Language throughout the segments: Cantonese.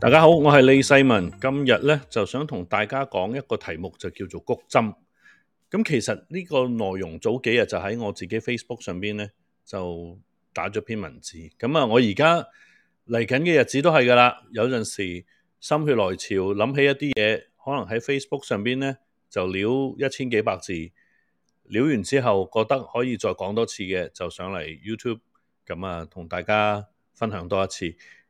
大家好，我係李世民。今日咧就想同大家講一個題目，就叫做《谷針》。咁其實呢個內容早幾日就喺我自己 Facebook 上邊咧就打咗篇文字。咁啊，我而家嚟緊嘅日子都係噶啦，有陣時心血來潮，諗起一啲嘢，可能喺 Facebook 上邊咧就了一千幾百字，了完之後覺得可以再講多次嘅，就上嚟 YouTube 咁啊，同大家分享多一次。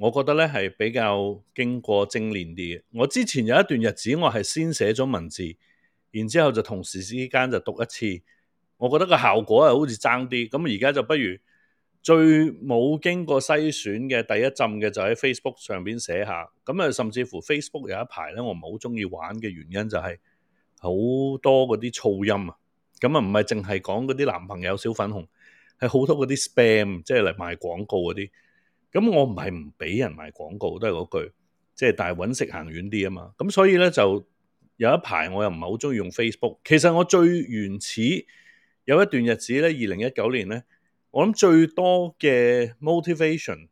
我覺得咧係比較經過精練啲嘅。我之前有一段日子，我係先寫咗文字，然之後就同事之間就讀一次。我覺得個效果係好似爭啲。咁而家就不如最冇經過篩選嘅第一浸嘅就喺 Facebook 上邊寫下。咁啊，甚至乎 Facebook 有一排咧，我唔係好中意玩嘅原因就係好多嗰啲噪音啊。咁啊，唔係淨係講嗰啲男朋友小粉紅，係好多嗰啲 spam，即係嚟賣廣告嗰啲。咁我唔係唔俾人賣廣告，都係嗰句，即係但係揾食行遠啲啊嘛。咁所以咧就有一排我又唔係好中意用 Facebook。其實我最原始有一段日子咧，二零一九年咧，我諗最多嘅 motivation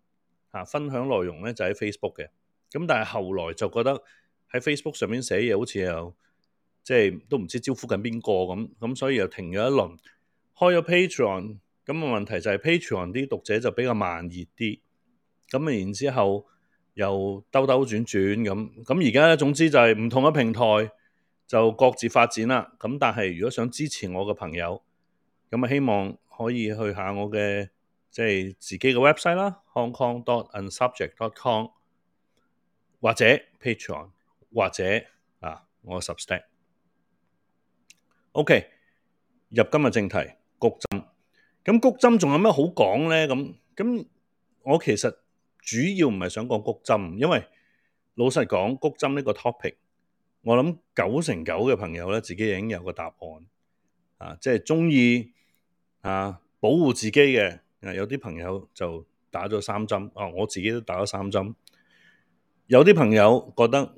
嚇、啊、分享內容咧就喺、是、Facebook 嘅。咁但係後來就覺得喺 Facebook 上面寫嘢好似又即係都唔知招呼緊邊個咁，咁所以又停咗一輪，開咗 Patreon。咁個問題就係 Patreon 啲讀者就比較慢熱啲。咁啊，然之後又兜兜轉轉咁，咁而家咧，總之就係唔同嘅平台就各自發展啦。咁但係如果想支持我嘅朋友，咁啊，希望可以去下我嘅即係自己嘅 website 啦，Hong Kong dot and subject dot com，或者 Patreon，或者啊我 subscribe。OK，入今日正題，谷針。咁谷針仲有咩好講呢？咁我其實。主要唔係想講谷針，因為老實講谷針呢個 topic，我諗九成九嘅朋友咧自己已經有個答案啊，即係中意啊保護自己嘅，有啲朋友就打咗三針，啊我自己都打咗三針，有啲朋友覺得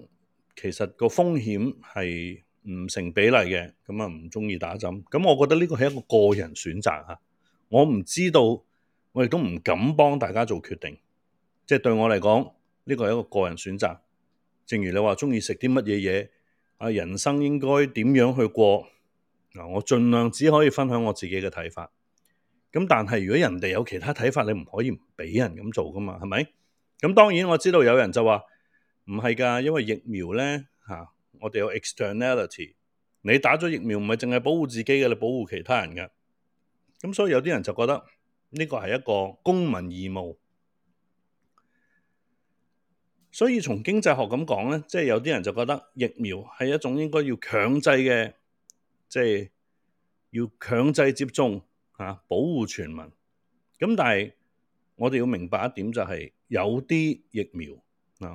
其實個風險係唔成比例嘅，咁啊唔中意打針，咁我覺得呢個係一個個人選擇吓，我唔知道，我亦都唔敢幫大家做決定。即係對我嚟講，呢個係一個個人選擇。正如你話鍾意食啲乜嘢嘢，啊，人生應該點樣去過嗱？我盡量只可以分享我自己嘅睇法。咁但係如果人哋有其他睇法，你唔可以唔俾人咁做噶嘛？係咪？咁當然我知道有人就話唔係噶，因為疫苗咧吓，我哋有 externality。你打咗疫苗唔係淨係保護自己嘅，你保護其他人嘅。咁所以有啲人就覺得呢個係一個公民義務。所以從經濟學咁講咧，即係有啲人就覺得疫苗係一種應該要強制嘅，即係要強制接種嚇，保護全民。咁但係我哋要明白一點就係，有啲疫苗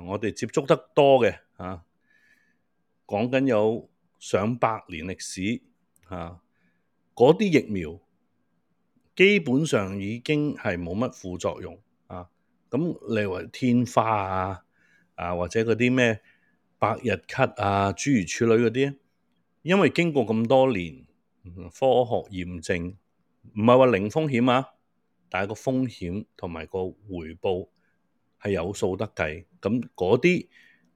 我哋接觸得多嘅嚇，講緊有上百年歷史嚇，嗰啲疫苗基本上已經係冇乜副作用啊。咁例如天花啊。啊，或者嗰啲咩百日咳啊、諸如此類嗰啲，因為經過咁多年科學驗證，唔係話零風險啊，但係個風險同埋個回報係有數得計。咁嗰啲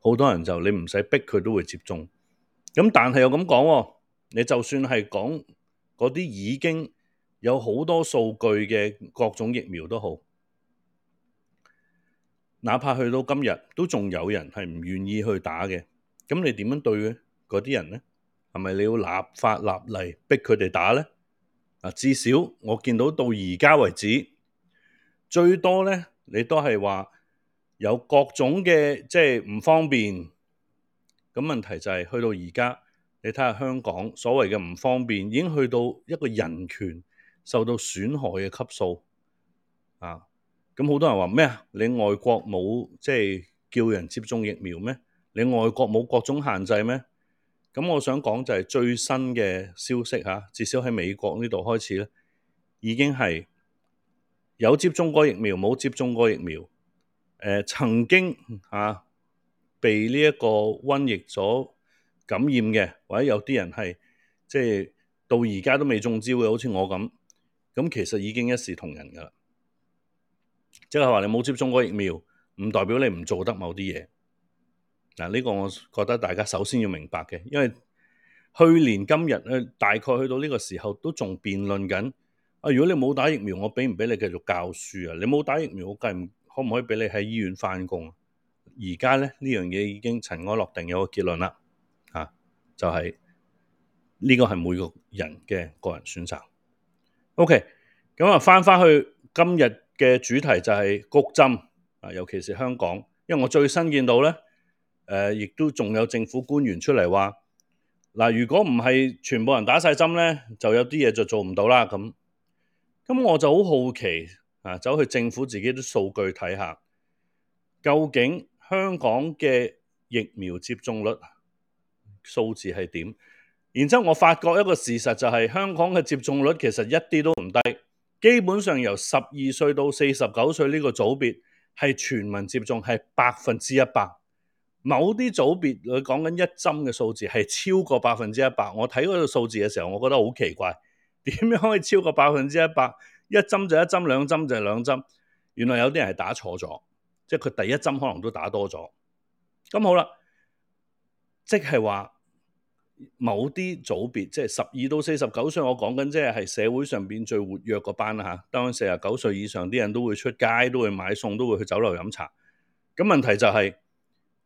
好多人就你唔使逼佢都會接種。咁但係又咁講，啊，你就算係講嗰啲已經有好多數據嘅各種疫苗都好。哪怕去到今日，都仲有人係唔願意去打嘅，咁你點樣對嗰啲人咧？係咪你要立法立例逼佢哋打咧？嗱，至少我見到到而家為止，最多咧，你都係話有各種嘅即係唔方便。咁問題就係、是、去到而家，你睇下香港所謂嘅唔方便，已經去到一個人權受到損害嘅級數啊！咁好多人話咩啊？你外國冇即係叫人接種疫苗咩？你外國冇各種限制咩？咁我想講就係最新嘅消息吓，至少喺美國呢度開始咧，已經係有接種過疫苗，冇接種過疫苗，誒、呃、曾經吓、啊、被呢一個瘟疫所感染嘅，或者有啲人係即係到而家都未中招嘅，好似我咁，咁其實已經一視同仁噶啦。即係話你冇接種嗰個疫苗，唔代表你唔做得某啲嘢。嗱，呢個我覺得大家首先要明白嘅。因為去年今日咧，大概去到呢個時候都仲辯論緊。啊，如果你冇打疫苗，我畀唔畀你繼續教書啊？你冇打疫苗，我計唔可唔可以畀你喺醫院翻工啊？而家咧，呢樣嘢已經塵埃落定，有個結論啦。啊，就係、是、呢、這個係每個人嘅個人選擇。OK，咁啊翻翻去今日，嘅主題就係谷針啊，尤其是香港，因為我最新見到呢，誒、呃，亦都仲有政府官員出嚟話，嗱、呃，如果唔係全部人打晒針咧，就有啲嘢就做唔到啦咁。咁我就好好奇啊，走去政府自己啲數據睇下，究竟香港嘅疫苗接種率數字係點？然之後我發覺一個事實就係、是，香港嘅接種率其實一啲都唔低。基本上由十二歲到四十九歲呢個組別係全民接種係百分之一百，某啲組別佢講緊一針嘅數字係超過百分之一百。我睇嗰個數字嘅時候，我覺得好奇怪，點樣可以超過百分之一百？一針就一針，兩針就兩針。原來有啲人係打錯咗，即係佢第一針可能都打多咗。咁好啦，即係話。某啲組別即係十二到四十九歲，我講緊即係社會上邊最活躍個班啦吓。當四十九歲以上啲人都會出街，都會買餸，都會去酒樓飲茶。咁問題就係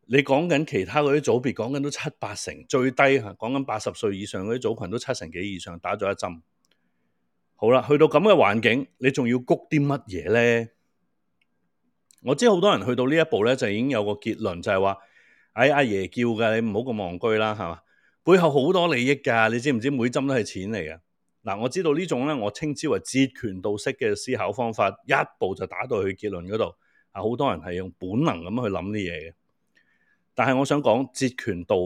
你講緊其他嗰啲組別，講緊都七八成最低，講緊八十歲以上嗰啲組群都七成幾以上打咗一針。好啦，去到咁嘅環境，你仲要谷啲乜嘢咧？我知好多人去到呢一步咧，就已經有個結論，就係話，哎，阿爺叫嘅，你唔好咁戇居啦，係嘛？背後好多利益噶，你知唔知每針都係錢嚟噶？嗱，我知道呢種咧，我稱之為截拳道式嘅思考方法，一步就打到去結論嗰度。啊，好多人係用本能咁去諗啲嘢嘅，但係我想講截拳道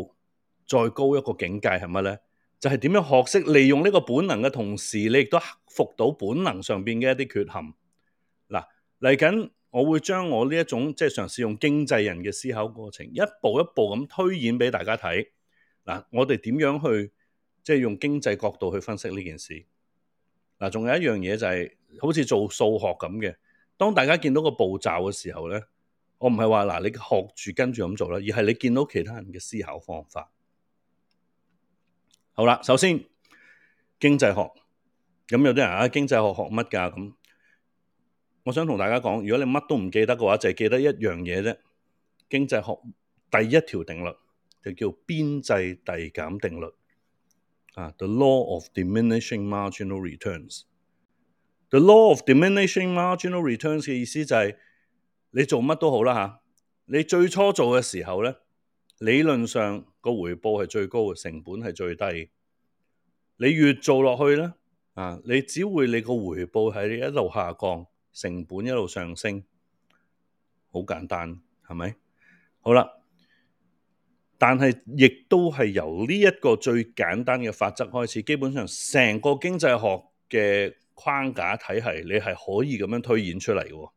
再高一個境界係乜咧？就係點樣學識利用呢個本能嘅同時，你亦都克服到本能上邊嘅一啲缺陷。嗱，嚟緊我會將我呢一種即係嘗試用經濟人嘅思考過程，一步一步咁推演俾大家睇。嗱，我哋點樣去即係、就是、用經濟角度去分析呢件事？嗱，仲有一樣嘢就係、是、好似做數學咁嘅。當大家見到個步驟嘅時候呢，我唔係話嗱你學住跟住咁做啦，而係你見到其他人嘅思考方法。好啦，首先經濟學咁有啲人話啊，經濟學學乜㗎？噉我想同大家講，如果你乜都唔記得嘅話，就係、是、記得一樣嘢啫。經濟學第一條定律，就叫邊際遞減定律啊，The law of diminishing marginal returns。The law of diminishing marginal returns 嘅意思就係、是、你做乜都好啦嚇、啊，你最初做嘅時候咧，理論上個回報係最高，成本係最低。你越做落去咧啊，你只會你個回報係一路下降，成本一路上升。好簡單，係咪？好啦。但係亦都係由呢一個最簡單嘅法則開始，基本上成個經濟學嘅框架體系，你係可以咁樣推演出嚟。咁、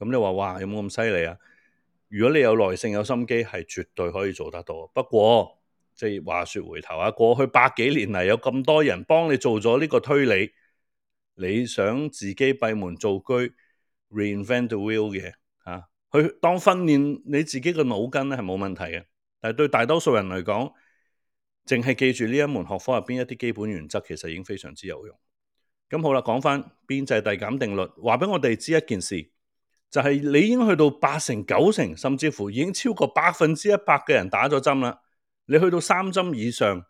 嗯、你話哇，有冇咁犀利啊？如果你有耐性、有心機，係絕對可以做得到。不過即係、就是、話說回頭啊，過去百幾年嚟有咁多人幫你做咗呢個推理，你想自己閉門造車，reinvent the wheel 嘅吓，去、啊、當訓練你自己個腦筋咧，係冇問題嘅。誒，對大多數人嚟講，淨係記住呢一門學科入邊一啲基本原則，其實已經非常之有用。咁好啦，講翻邊際遞減定律，話俾我哋知一件事，就係你已經去到八成、九成，甚至乎已經超過百分之一百嘅人打咗針啦。你去到三針以上，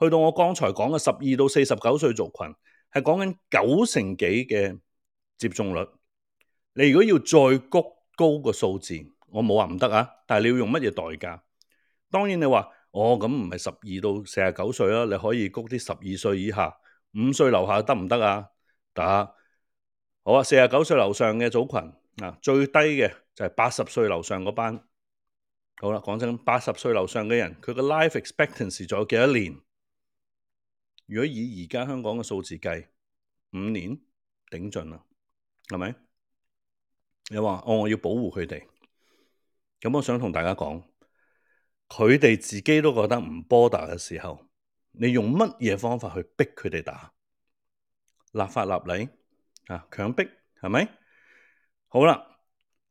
去到我剛才講嘅十二到四十九歲族群，係講緊九成幾嘅接種率。你如果要再谷高個數字，我冇話唔得啊，但係你要用乜嘢代價？當然你話我咁唔係十二到四十九歲啦，你可以谷啲十二歲以下、五歲樓下得唔得啊？大家好啊，四十九歲樓上嘅組群，嗱，最低嘅就係八十歲樓上嗰班。好啦，講真，八十歲樓上嘅人佢嘅 life expectancy 仲有幾多年？如果以而家香港嘅數字計，五年頂盡啦，係咪？你話哦，我要保護佢哋，咁我想同大家講。佢哋自己都覺得唔波打嘅時候，你用乜嘢方法去逼佢哋打？立法立例啊，強逼係咪？好啦，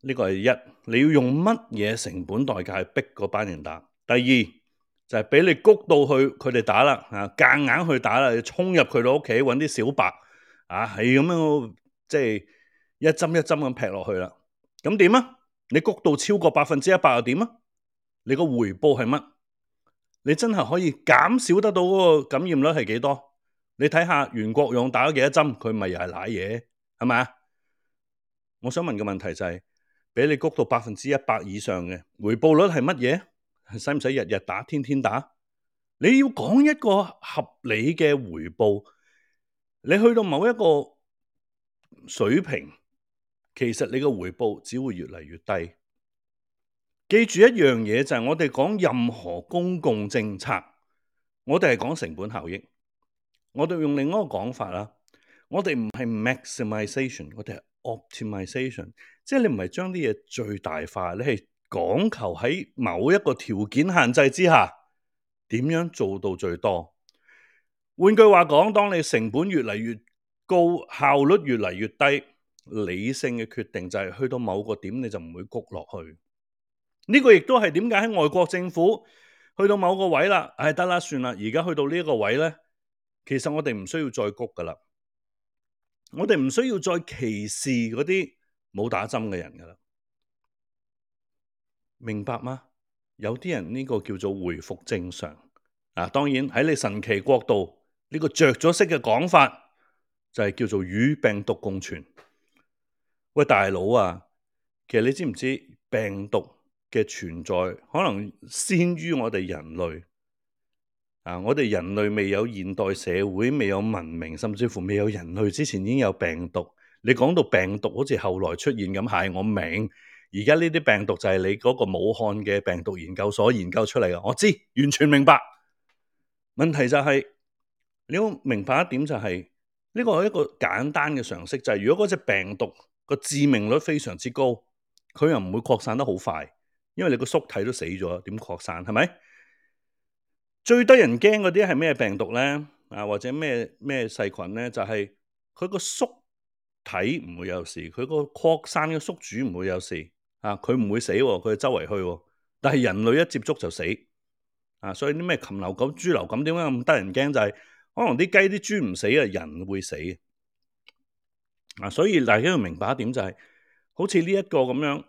呢個係一，你要用乜嘢成本代價去逼嗰班人打？第二就係、是、俾你谷到去佢哋打啦，啊，夾硬，硬去打啦，衝入佢哋屋企揾啲小白啊，係咁樣即係、就是、一針一針咁劈落去啦。咁點啊？你谷到超過百分之一百又點啊？你個回報係乜？你真係可以減少得到嗰個感染率係幾多？你睇下袁國勇打咗幾多針，佢咪又係舐嘢，係嘛？我想問嘅問題就係、是，俾你谷到百分之一百以上嘅回報率係乜嘢？使唔使日日打、天天打？你要講一個合理嘅回報，你去到某一個水平，其實你個回報只會越嚟越低。記住一樣嘢，就係我哋講任何公共政策，我哋係講成本效益。我哋用另一個講法啦，我哋唔係 maximization，我哋係 optimization，即係你唔係將啲嘢最大化，你係講求喺某一個條件限制之下，點樣做到最多。換句話講，當你成本越嚟越高，效率越嚟越低，理性嘅決定就係去到某個點你就唔會谷落去。呢個亦都係點解喺外國政府去到某個位啦，唉、哎，得啦，算啦，而家去到呢個位咧，其實我哋唔需要再谷噶啦我哋唔需要再歧視嗰啲冇打針嘅人噶啦，明白嗎？有啲人呢個叫做回復正常啊，當然喺你神奇國度呢、這個着咗色嘅講法就係、是、叫做與病毒共存。喂，大佬啊，其實你知唔知病毒嘅存在可能先於我哋人類啊！我哋人類未有現代社會，未有文明，甚至乎未有人類之前，已經有病毒。你講到病毒好似後來出現咁，係我明。而家呢啲病毒就係你嗰個武漢嘅病毒研究所研究出嚟嘅，我知完全明白。問題就係、是、你要明白一點就係、是、呢、這個是一個簡單嘅常識就係、是，如果嗰隻病毒個致命率非常之高，佢又唔會擴散得好快。因為你個宿體都死咗，點擴散？係咪？最得人驚嗰啲係咩病毒咧？啊，或者咩咩細菌咧？就係佢個宿體唔會有事，佢個擴散嘅宿主唔會有事啊！佢唔會死，佢周圍去，啊、但係人類一接觸就死啊！所以啲咩禽流感、豬流感，點解咁得人驚？就係、是、可能啲雞、啲豬唔死啊，人會死啊！所以大家要明白一點、就是，就係好似呢一個咁樣。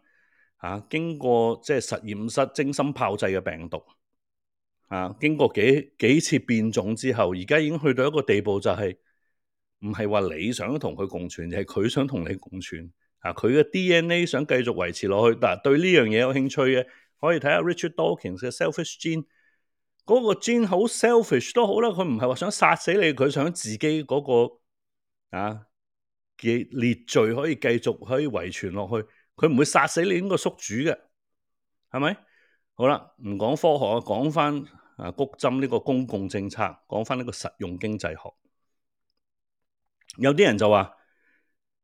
啊，經過即係實驗室精心炮製嘅病毒，啊，經過幾幾次變種之後，而家已經去到一個地步、就是，就係唔係話你想同佢共存，係佢想同你共存。啊，佢嘅 D N A 想繼續維持落去。嗱，對呢樣嘢有興趣嘅，可以睇下 Richard Dawkins 嘅《Selfish Gene》。嗰個 gene 好 selfish 都好啦，佢唔係話想殺死你，佢想自己嗰、那個啊嘅劣序可以繼續可以遺傳落去。佢唔會殺死你呢個宿主嘅，係咪？好啦，唔講科學啊，講翻啊，谷針呢個公共政策，講翻呢個實用經濟學。有啲人就話：，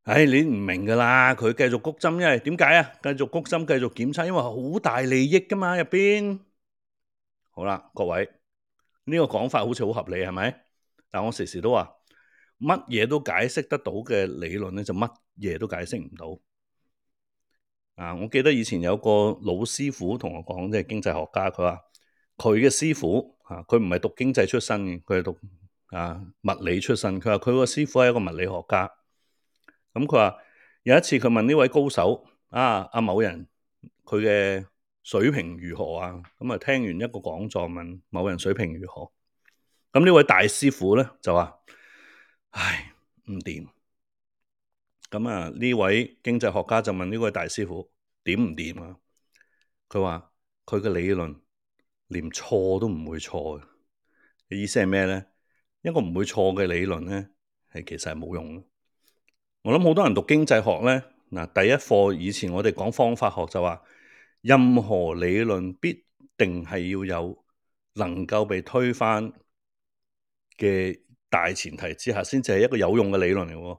唉、哎，你唔明㗎啦，佢繼續谷針，因為點解啊？繼續谷針，繼續檢測，因為好大利益㗎嘛入邊。好啦，各位，呢、這個講法好似好合理，係咪？但我時時都話，乜嘢都解釋得到嘅理論咧，就乜嘢都解釋唔到。啊！我記得以前有個老師傅同我講，即係經濟學家，佢話佢嘅師傅嚇佢唔係讀經濟出身嘅，佢係讀啊物理出身。佢話佢個師傅係一個物理學家。咁佢話有一次佢問呢位高手啊，阿某人佢嘅水平如何啊？咁啊，聽完一個講座問某人水平如何？咁呢位大師傅咧就話：唉，唔掂。咁啊！呢位經濟學家就問呢位大師傅點唔掂啊？佢話：佢嘅理論連錯都唔會錯嘅。意思係咩咧？一個唔會錯嘅理論咧，係其實係冇用嘅。我諗好多人讀經濟學咧，嗱第一課以前我哋講方法學就話、是，任何理論必定係要有能夠被推翻嘅大前提之下，先至係一個有用嘅理論嚟喎。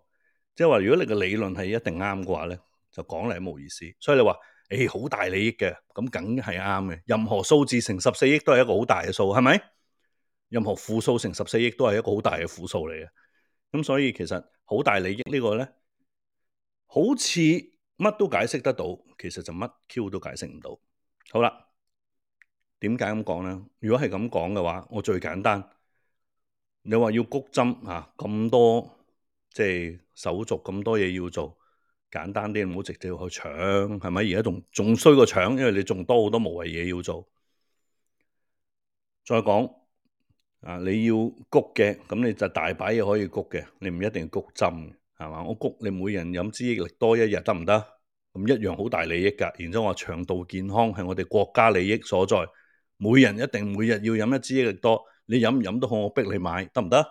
即係話，如果你個理論係一定啱嘅話咧，就講嚟冇意思。所以你話，誒、欸、好大利益嘅，咁梗係啱嘅。任何數字乘十四億都係一個好大嘅數，係咪？任何負數乘十四億都係一個好大嘅負數嚟嘅。咁所以其實好大利益個呢個咧，好似乜都解釋得到，其實就乜 Q 都解釋唔到。好啦，點解咁講咧？如果係咁講嘅話，我最簡單，你話要谷針啊咁多，即係。手續咁多嘢要做，簡單啲唔好直接去搶，係咪？而家仲仲衰過搶，因為你仲多好多無謂嘢要做。再講啊，你要谷嘅，咁你就大把嘢可以谷嘅，你唔一定要谷針嘅，係嘛？我谷你每人飲支益力多一日得唔得？咁一樣好大利益㗎。然之後我話腸道健康係我哋國家利益所在，每人一定每日要飲一支益力多，你飲唔飲都好，我逼你買得唔得？行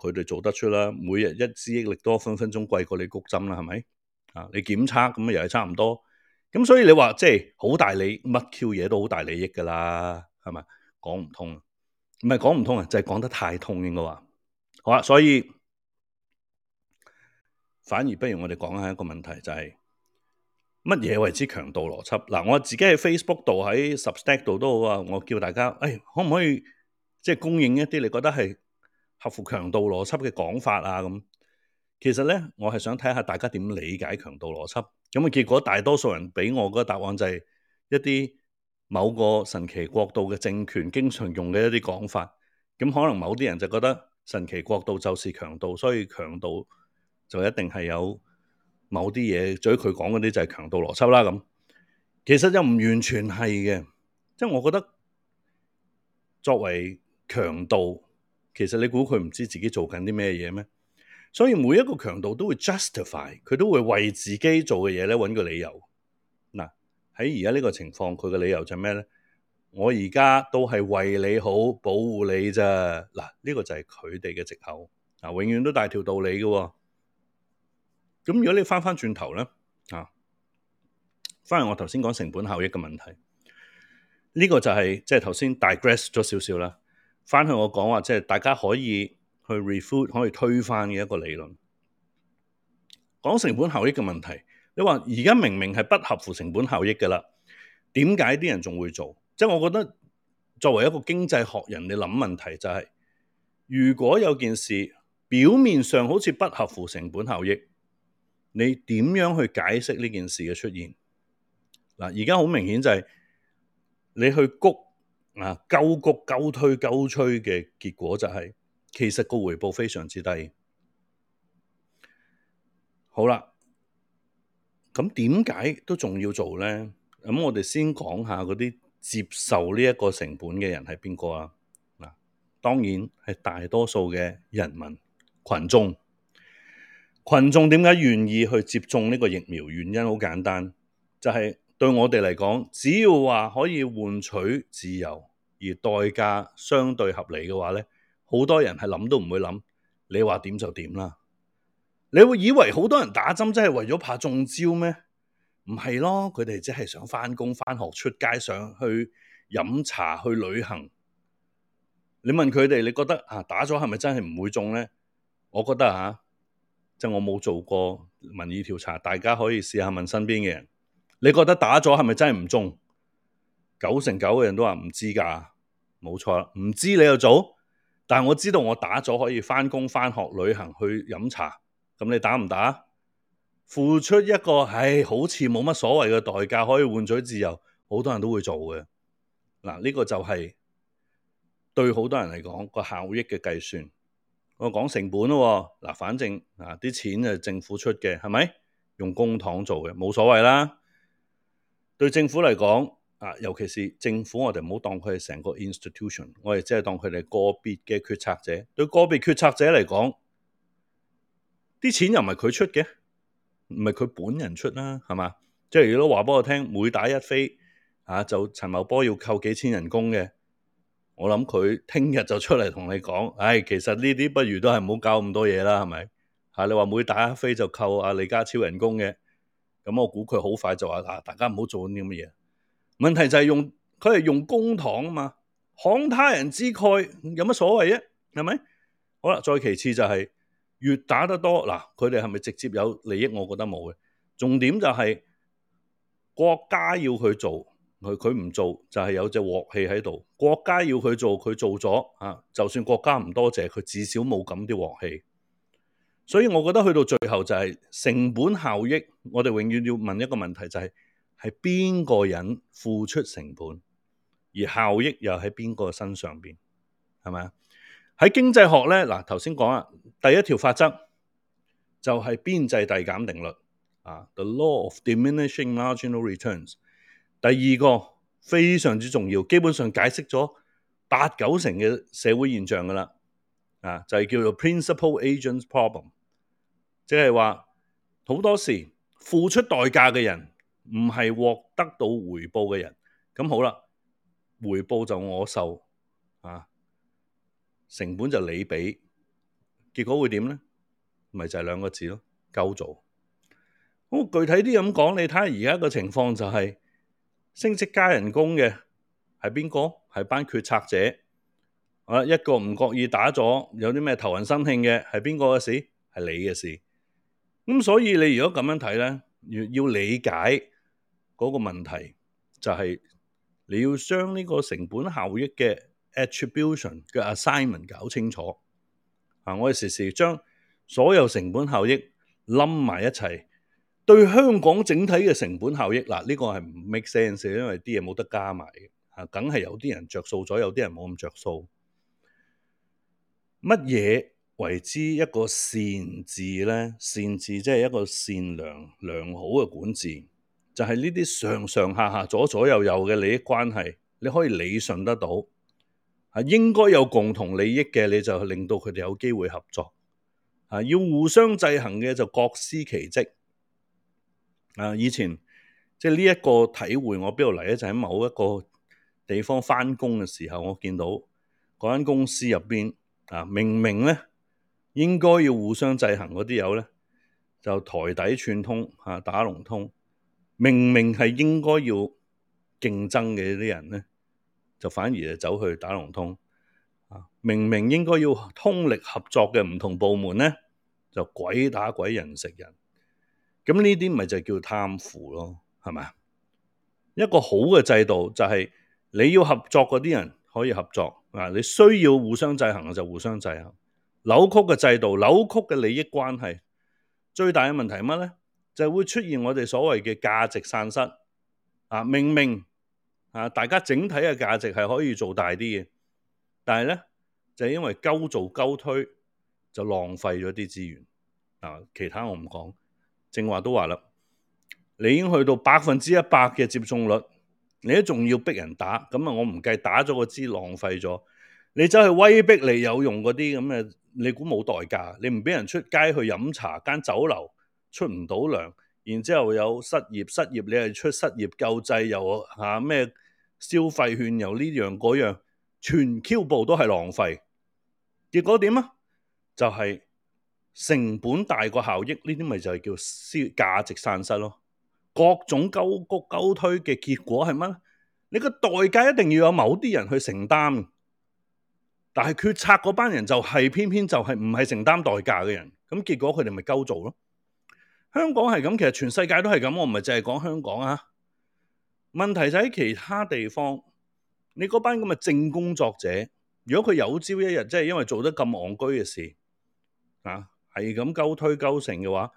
佢哋做得出啦，每日一支益力多，分分鐘貴過你谷針啦，係咪？啊，你檢測咁又係差唔多，咁所以你話即係好大利，乜 Q 嘢都好大利益噶啦，係咪？講唔通，唔係講唔通啊，就係、是、講得太通應該話，好啦、啊，所以反而不如我哋講下一個問題，就係乜嘢為之強盜邏輯？嗱、啊，我自己喺 Facebook 度，喺 Substack 度都好啊，我叫大家，誒、哎，可唔可以即係供應一啲你覺得係？合乎強盜邏輯嘅講法啊，咁其實呢，我係想睇下大家點理解強盜邏輯。咁啊，結果大多數人俾我嘅答案就係一啲某個神奇國度嘅政權經常用嘅一啲講法。咁可能某啲人就覺得神奇國度就是強盜，所以強盜就一定係有某啲嘢。於他所以佢講嗰啲就係強盜邏輯啦。咁其實又唔完全係嘅，即、就、係、是、我覺得作為強盜。其實你估佢唔知自己做緊啲咩嘢咩？所以每一個強盜都會 justify，佢都會為自己做嘅嘢咧揾個理由。嗱，喺而家呢個情況，佢嘅理由就咩咧？我而家都係為你好，保護你咋？嗱呢個就係佢哋嘅籍口。嗱，永遠都大條道理嘅哦。咁如果你翻翻轉頭咧啊，翻嚟，我頭先講成本效益嘅問題，呢個就係即係頭先 digress 咗少少啦。翻去我講話，即係大家可以去 refute，可以推翻嘅一個理論。講成本效益嘅問題，你話而家明明係不合乎成本效益㗎喇，點解啲人仲會做？即係我覺得作為一個經濟學人，你諗問題就係，如果有件事表面上好似不合乎成本效益，你點樣去解釋呢件事嘅出現？嗱，而家好明顯就係你去谷。啊，鳩谷鳩推鳩催嘅結果就係，其實個回報非常之低。好啦，咁點解都仲要做咧？咁我哋先講下嗰啲接受呢一個成本嘅人係邊個啊？嗱、啊，當然係大多數嘅人民群眾。群眾點解願意去接種呢個疫苗？原因好簡單，就係。對我哋嚟講，只要話可以換取自由，而代價相對合理嘅話呢，好多人係諗都唔會諗。你話點就點啦。你會以為好多人打針真係為咗怕中招咩？唔係咯，佢哋即係想返工、返學、出街、上去飲茶、去旅行。你問佢哋，你覺得啊，打咗係咪真係唔會中呢？我覺得啊，即係我冇做過民意調查，大家可以試下問身邊嘅人。你覺得打咗係咪真係唔中？九成九嘅人都話唔知㗎，冇錯啦，唔知你就做？但係我知道我打咗可以返工、返學、旅行、去飲茶，咁你打唔打？付出一個唉、哎，好似冇乜所謂嘅代價，可以換取自由，好多人都會做嘅。嗱，呢、這個就係對好多人嚟講個效益嘅計算。我講成本咯、哦，嗱，反正嗱啲錢係政府出嘅，係咪用公帑做嘅，冇所謂啦。對政府嚟講，啊，尤其是政府，我哋唔好當佢係成個 institution，我哋只係當佢哋個別嘅決策者。對個別決策者嚟講，啲錢又唔係佢出嘅，唔係佢本人出啦，係嘛？即係如果話畀我聽，每打一飛，嚇、啊、就陳茂波要扣幾千人工嘅，我諗佢聽日就出嚟同你講，唉、哎，其實呢啲不如都係唔好搞咁多嘢啦，係咪？嚇、啊、你話每打一飛就扣阿、啊、李家超人工嘅。咁我估佢好快就話大家唔好做啲咁嘅嘢。問題就係用佢係用公帑啊嘛，慷他人之慨有乜所謂啫？係咪？好啦，再其次就係，越打得多嗱，佢哋係咪直接有利益？我覺得冇嘅。重點就係國家要佢做佢，佢唔做就係有隻鑊氣喺度。國家要佢做，佢做咗啊，就算國家唔多謝佢，佢至少冇咁啲鑊氣。所以我覺得去到最後就係成本效益，我哋永遠要問一個問題，就是，就係係邊個人付出成本，而效益又喺邊個身上邊，係咪啊？喺經濟學呢，嗱頭先講啊，第一條法則就係邊際遞減定律啊，the law of diminishing marginal returns。第二個非常之重要，基本上解釋咗八九成嘅社會現象噶啦，啊就係，是、叫做 principal-agent problem。即係話好多時付出代價嘅人唔係獲得到回報嘅人，咁好啦，回報就我受啊，成本就你畀。結果會點咧？咪就係兩個字咯，鳩做。咁具體啲咁講，你睇下而家個情況就係升職加人工嘅係邊個？係班決策者啊，一個唔覺意打咗有啲咩頭暈身興嘅係邊個嘅事？係你嘅事。咁所以你如果咁樣睇咧，要要理解嗰個問題就係你要將呢個成本效益嘅 attribution 嘅 assignment 搞清楚啊！我哋時時將所有成本效益冧埋一齊，對香港整體嘅成本效益嗱，呢個係唔 make sense，因為啲嘢冇得加埋嘅吓。啊，梗係有啲人着數咗，有啲人冇咁着數，乜嘢？為之一個善治，咧，善治即係一個善良良好嘅管治，就係呢啲上上下下左左右右嘅利益關係，你可以理順得到。啊，應該有共同利益嘅，你就令到佢哋有機會合作。啊，要互相制衡嘅，就各司其職。啊，以前即係呢一個體會，我邊度嚟咧？就喺、是、某一個地方翻工嘅時候，我見到嗰間公司入邊啊，明明咧～應該要互相制衡嗰啲友咧，就台底串通啊打龍通，明明係應該要競爭嘅啲人咧，就反而係走去打龍通啊！明明應該要通力合作嘅唔同部門咧，就鬼打鬼人食人，咁呢啲咪就叫貪腐咯，係咪？一個好嘅制度就係你要合作嗰啲人可以合作啊，你需要互相制衡嘅就互相制衡。扭曲嘅制度、扭曲嘅利益關係，最大嘅問題係乜咧？就會出現我哋所謂嘅價值散失啊！明明啊，大家整體嘅價值係可以做大啲嘅，但係咧就係因為鳩做鳩推，就浪費咗啲資源啊！其他我唔講，正話都話啦，你已經去到百分之一百嘅接種率，你都仲要逼人打，咁啊我唔計打咗個支浪費咗，你走去威逼你有用嗰啲咁嘅。你估冇代價？你唔畀人出街去飲茶間酒樓出唔到糧，然之後有失業失業，你係出失業救濟又嚇咩、啊、消費券又呢樣嗰樣，全 Q 部都係浪費。結果點啊？就係、是、成本大過效益，呢啲咪就係叫消價值散失咯。各種勾谷勾推嘅結果係乜？你個代價一定要有某啲人去承擔。但係決策嗰班人就係偏偏就係唔係承擔代價嘅人，咁結果佢哋咪鳩做咯。香港係咁，其實全世界都係咁，我唔係淨係講香港啊。問題就喺其他地方，你嗰班咁嘅正工作者，如果佢有朝一日即係、就是、因為做得咁戇居嘅事啊，係咁鳩推鳩成嘅話，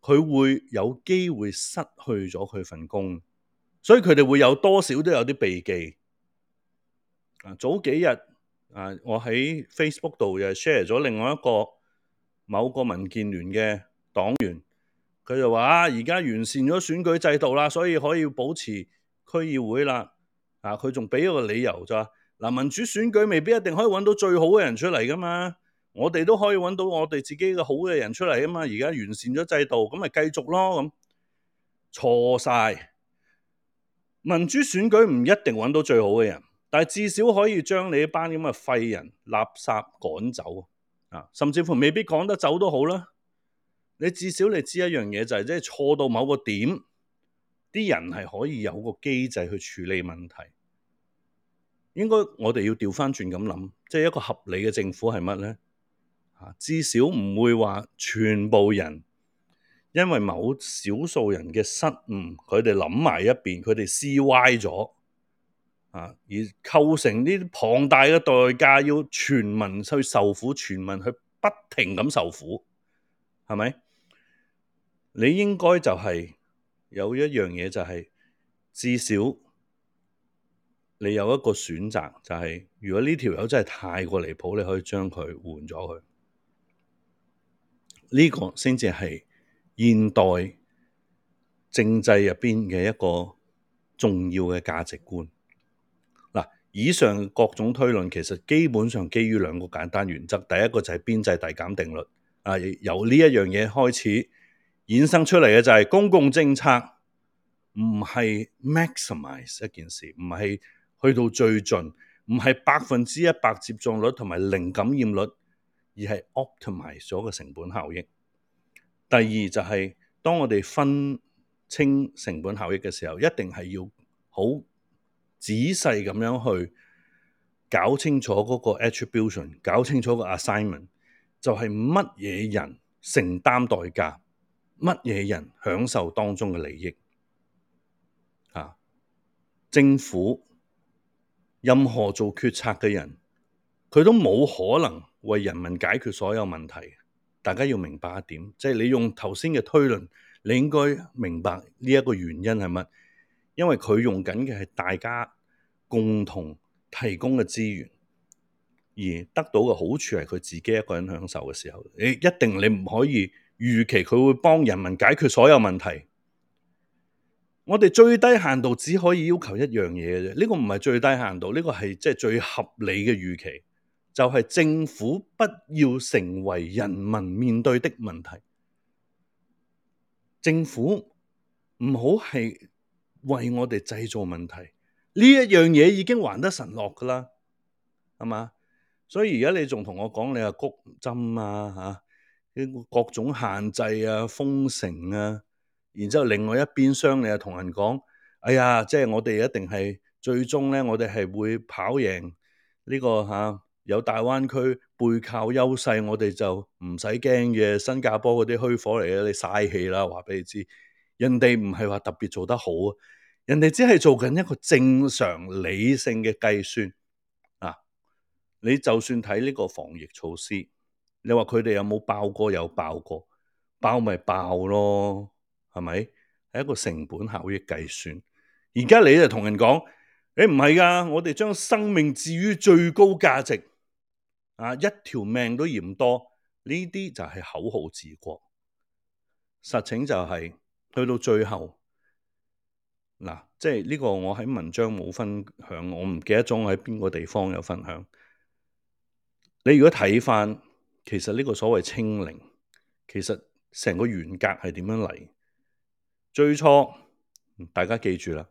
佢會有機會失去咗佢份工，所以佢哋會有多少都有啲避忌啊。早幾日。啊！我喺 Facebook 度又 share 咗另外一個某個民建聯嘅黨員，佢就話啊，而家完善咗選舉制度啦，所以可以保持區議會啦。啊，佢仲俾一個理由咋，嗱，民主選舉未必一定可以揾到最好嘅人出嚟噶嘛，我哋都可以揾到我哋自己嘅好嘅人出嚟啊嘛。而家完善咗制度，咁咪繼續咯咁。錯晒，民主選舉唔一定揾到最好嘅人。但至少可以將你一班咁嘅廢人垃圾趕走啊！甚至乎未必趕得走都好啦。你至少你知一樣嘢就係，即係錯到某個點，啲人係可以有個機制去處理問題。應該我哋要調翻轉咁諗，即係一個合理嘅政府係乜呢？啊，至少唔會話全部人因為某少數人嘅失誤，佢哋諗埋一邊，佢哋思歪咗。而構成呢啲龐大嘅代價，要全民去受苦，全民去不停咁受苦，係咪？你應該就係有一樣嘢、就係，就係至少你有一個選擇，就係、係、如果呢條友真係太過離譜，你可以將佢換咗佢。呢、呢個先至係現代政制入邊嘅一個重要嘅價值觀。以上各種推論其實基本上基於兩個簡單原則，第一個就係邊際遞減定律，呃，由呢一樣嘢開始衍生出嚟嘅就係公共政策唔係 maximize 一件事，唔係去到最盡，唔係百分之一百接種率同埋零感染率，而係 optimize 咗嘅成本效益。第二就係當我哋分清成本效益嘅時候，一定係要好。仔細咁樣去搞清楚嗰個 attribution，搞清楚個 assignment，就係乜嘢人承擔代價，乜嘢人享受當中嘅利益。啊，政府任何做決策嘅人，佢都冇可能為人民解決所有問題。大家要明白一點，即係你用頭先嘅推論，你應該明白呢一個原因係乜。因為佢用緊嘅係大家共同提供嘅資源，而得到嘅好處係佢自己一個人享受嘅時候，你一定你唔可以預期佢會幫人民解決所有問題。我哋最低限度只可以要求一樣嘢啫，呢個唔係最低限度，呢個係即係最合理嘅預期，就係政府不要成為人民面對的問題，政府唔好係。為我哋製造問題，呢一樣嘢已經還得神落噶啦，係嘛？所以而家你仲同我講你啊谷針啊吓，啲、啊、各種限制啊封城啊，然之後另外一邊廂你又同人講，哎呀，即、就、係、是、我哋一定係最終咧，我哋係會跑贏呢、這個吓、啊，有大灣區背靠優勢，我哋就唔使驚嘅。新加坡嗰啲虛火嚟嘅，你嘥氣啦，話俾你知，人哋唔係話特別做得好。人哋只係做緊一個正常理性嘅計算啊！你就算睇呢個防疫措施，你話佢哋有冇爆過？有爆過，爆咪爆咯，係咪？係一個成本效益計算。而家你就同人講，誒唔係噶，我哋將生命置於最高價值啊，一條命都嫌多。呢啲就係口號治國，實情就係、是、去到最後。嗱，即係呢個我喺文章冇分享，我唔記得裝喺邊個地方有分享。你如果睇翻，其實呢個所謂清零，其實成個原格係點樣嚟？最初大家記住啦，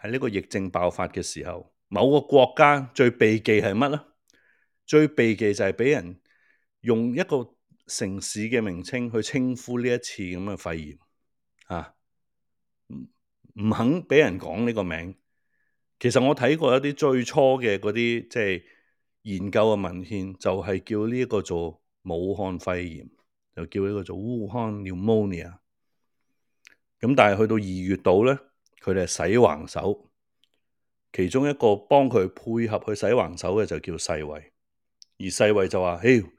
喺呢個疫症爆發嘅時候，某個國家最避忌係乜咧？最避忌就係俾人用一個城市嘅名稱去稱呼呢一次咁嘅肺炎啊。唔肯畀人講呢個名，其實我睇過一啲最初嘅嗰啲即係研究嘅文獻，就係、是、叫呢一個做武漢肺炎，又叫呢個做 Wuhan pneumonia。咁、嗯、但係去到二月度咧，佢哋係洗橫手，其中一個幫佢配合去洗橫手嘅就叫世衛，而世衛就話：哎、hey，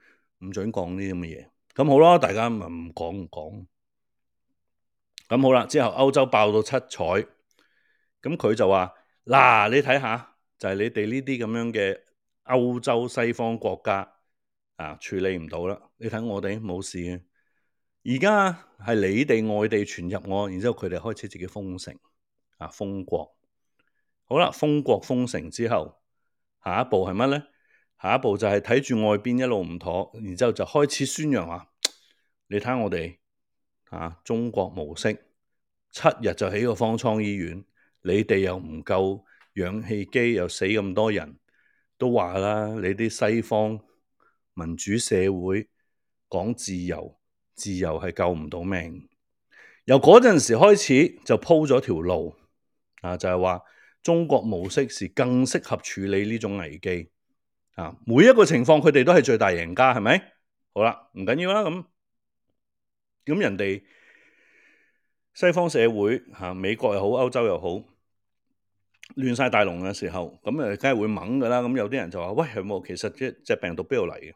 唔准講呢啲咁嘅嘢。咁好啦，大家咪唔講唔講。咁好啦，之後歐洲爆到七彩，咁佢就話：嗱、啊，你睇下，就係、是、你哋呢啲咁樣嘅歐洲西方國家啊，處理唔到啦。你睇我哋冇事嘅，而家係你哋外地傳入我，然之後佢哋開始自己封城啊封國。好啦，封國封城之後，下一步係乜咧？下一步就係睇住外邊一路唔妥，然之後就開始宣揚話：你睇下我哋。啊！中國模式七日就起個方艙醫院，你哋又唔夠氧氣機，又死咁多人，都話啦，你啲西方民主社會講自由，自由係救唔到命。由嗰陣時開始就鋪咗條路，啊，就係話中國模式是更適合處理呢種危機。啊，每一個情況佢哋都係最大贏家，係咪？好啦，唔緊要啦咁。咁人哋西方社會嚇、啊，美國又好，歐洲又好，亂晒大龍嘅時候，咁、嗯、啊，梗係會掹噶啦。咁、嗯、有啲人就話：喂，其實即隻病毒邊度嚟嘅？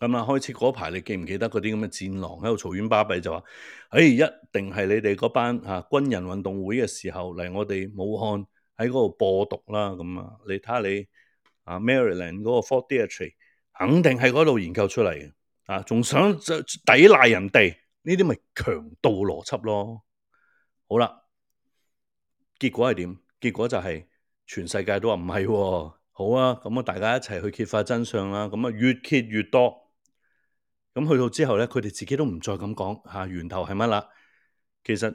咁、嗯、啊，開始嗰排你記唔記得嗰啲咁嘅戰狼喺度嘈冤巴閉，就話：哎，一定係你哋嗰班嚇軍人運動會嘅時候嚟我哋武漢喺嗰度播毒啦。咁、嗯、啊，你睇下你啊 Maryland 嗰個 Fort Detrick 肯定喺嗰度研究出嚟嘅。啊，仲想抵賴人哋，呢啲咪強盜邏輯咯。好啦，結果係點？結果就係全世界都話唔係。好啊，咁啊，大家一齊去揭發真相啦。咁啊，越揭越多。咁去到之後咧，佢哋自己都唔再咁講吓源頭係乜啦。其實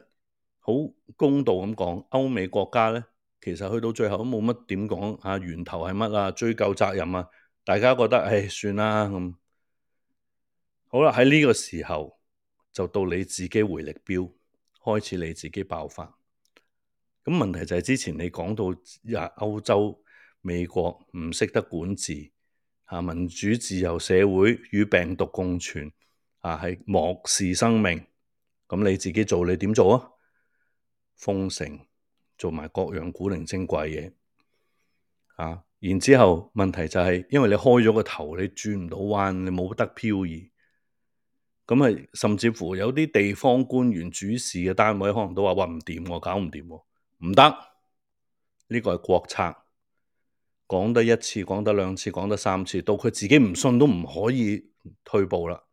好公道咁講，歐美國家咧，其實去到最後都冇乜點講吓源頭係乜啊，追究責任啊。大家覺得唉、哎，算啦。好啦，喺呢個時候就到你自己回力鏢，開始你自己爆發。咁問題就係之前你講到啊，歐洲、美國唔識得管治，吓、啊、民主自由社會與病毒共存，啊係漠視生命。咁你自己做你點做啊？封城，做埋各樣古靈精怪嘢，啊，然之後問題就係、是、因為你開咗個頭，你轉唔到彎，你冇得漂移。咁啊，甚至乎有啲地方官員主事嘅單位，可能都話，哇，唔掂喎，搞唔掂喎，唔得！呢個係國策，講得一次，講得兩次，講得三次，到佢自己唔信都唔可以退步啦，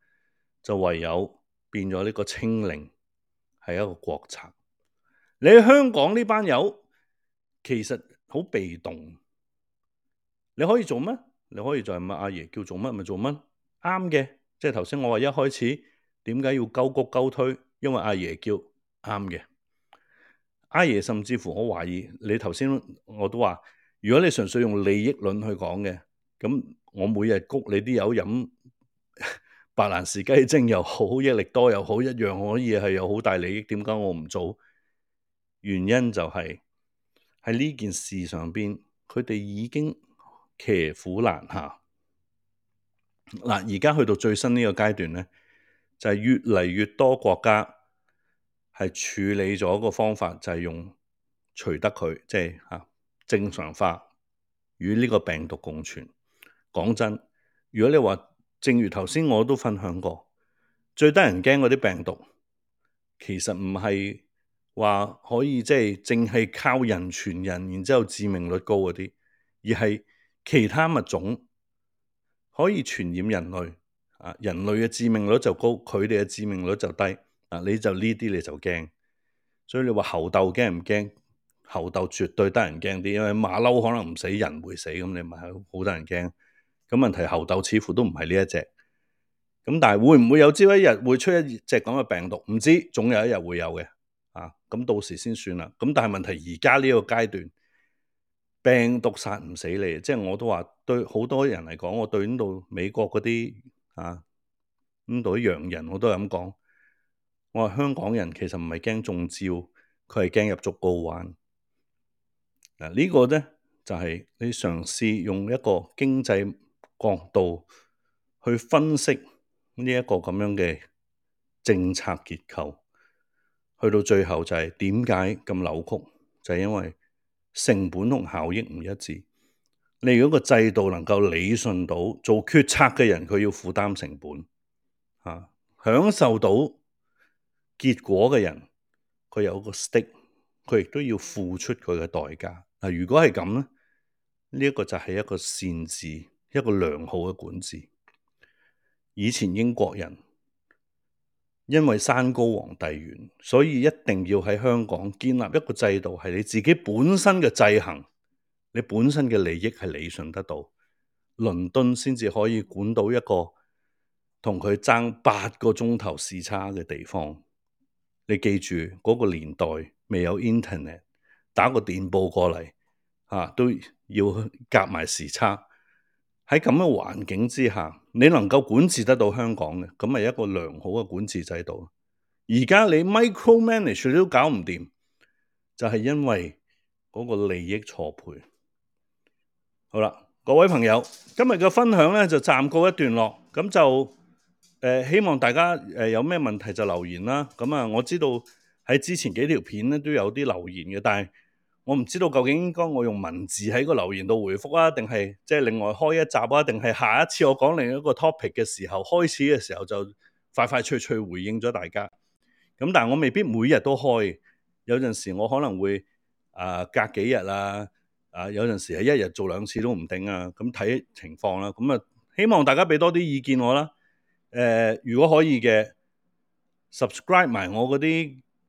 就唯有變咗呢個清零，係一個國策。你喺香港呢班友其實好被動，你可以做乜？你可以再係問阿爺叫做乜咪、就是、做乜，啱嘅。即係頭先我話一開始點解要勾谷勾推，因為阿爺叫啱嘅。阿爺甚至乎我懷疑，你頭先我都話，如果你純粹用利益論去講嘅，咁我每日谷你啲友飲白蘭氏雞精又好，益力多又好，一樣可以係有好大利益。點解我唔做？原因就係喺呢件事上邊，佢哋已經騎虎難下。嗱，而家去到最新呢個階段咧，就係越嚟越多國家係處理咗個方法，就係用除得佢，即係嚇正常化與呢個病毒共存。講真，如果你話正如頭先我都分享過，最得人驚嗰啲病毒，其實唔係話可以即係淨係靠人傳人，然之後致命率高嗰啲，而係其他物種。可以傳染人類啊，人類嘅致命率就高，佢哋嘅致命率就低啊，你就呢啲你就驚，所以你話猴痘驚唔驚？猴痘絕對得人驚啲，因為馬騮可能唔死，人會死咁，你咪好得人驚。咁問題猴痘似乎都唔係呢一隻，咁但係會唔會有朝一日會出一隻咁嘅病毒？唔知，總有一日會有嘅啊，咁到時先算啦。咁但係問題，而家呢個階段。病毒殺唔死你，即係我都話對好多人嚟講，我對呢度美國嗰啲啊呢度啲洋人我，我都係咁講。我話香港人其實唔係驚中招，佢係驚入竹篙灣。嗱、啊這個、呢個咧就係、是、你嘗試用一個經濟角度去分析呢一個咁樣嘅政策結構，去到最後就係點解咁扭曲，就係、因為。成本同效益唔一致，你如果個制度能夠理順到做決策嘅人，佢要負擔成本吓、啊，享受到結果嘅人，佢有一個 stick，佢亦都要付出佢嘅代價。嗱、啊，如果係咁咧，呢、這、一個就係一個善治，一個良好嘅管治。以前英國人。因為山高皇帝遠，所以一定要喺香港建立一個制度，係你自己本身嘅制衡，你本身嘅利益係理順得到，倫敦先至可以管到一個同佢爭八個鐘頭時差嘅地方。你記住嗰、那個年代未有 Internet，打個電報過嚟嚇、啊、都要夾埋時差。喺咁嘅環境之下。你能夠管治得到香港嘅，咁咪一個良好嘅管治制度。而家你 micro management 都搞唔掂，就係因為嗰個利益錯配。好啦，各位朋友，今日嘅分享呢就暫告一段落。咁就誒希望大家誒有咩問題就留言啦。咁啊，我知道喺之前幾條片咧都有啲留言嘅，但係。我唔知道究竟應該我用文字喺個留言度回覆啊，定係即係另外開一集啊，定係下一次我講另一個 topic 嘅時候開始嘅時候就快快脆脆回應咗大家。咁、嗯、但係我未必每日都開，有陣時我可能會、呃、隔幾日啦、啊，啊、呃、有陣時係一日做兩次都唔定啊，咁、嗯、睇情況啦、啊。咁、嗯、啊希望大家俾多啲意見我啦。呃、如果可以嘅 subscribe 埋我嗰啲。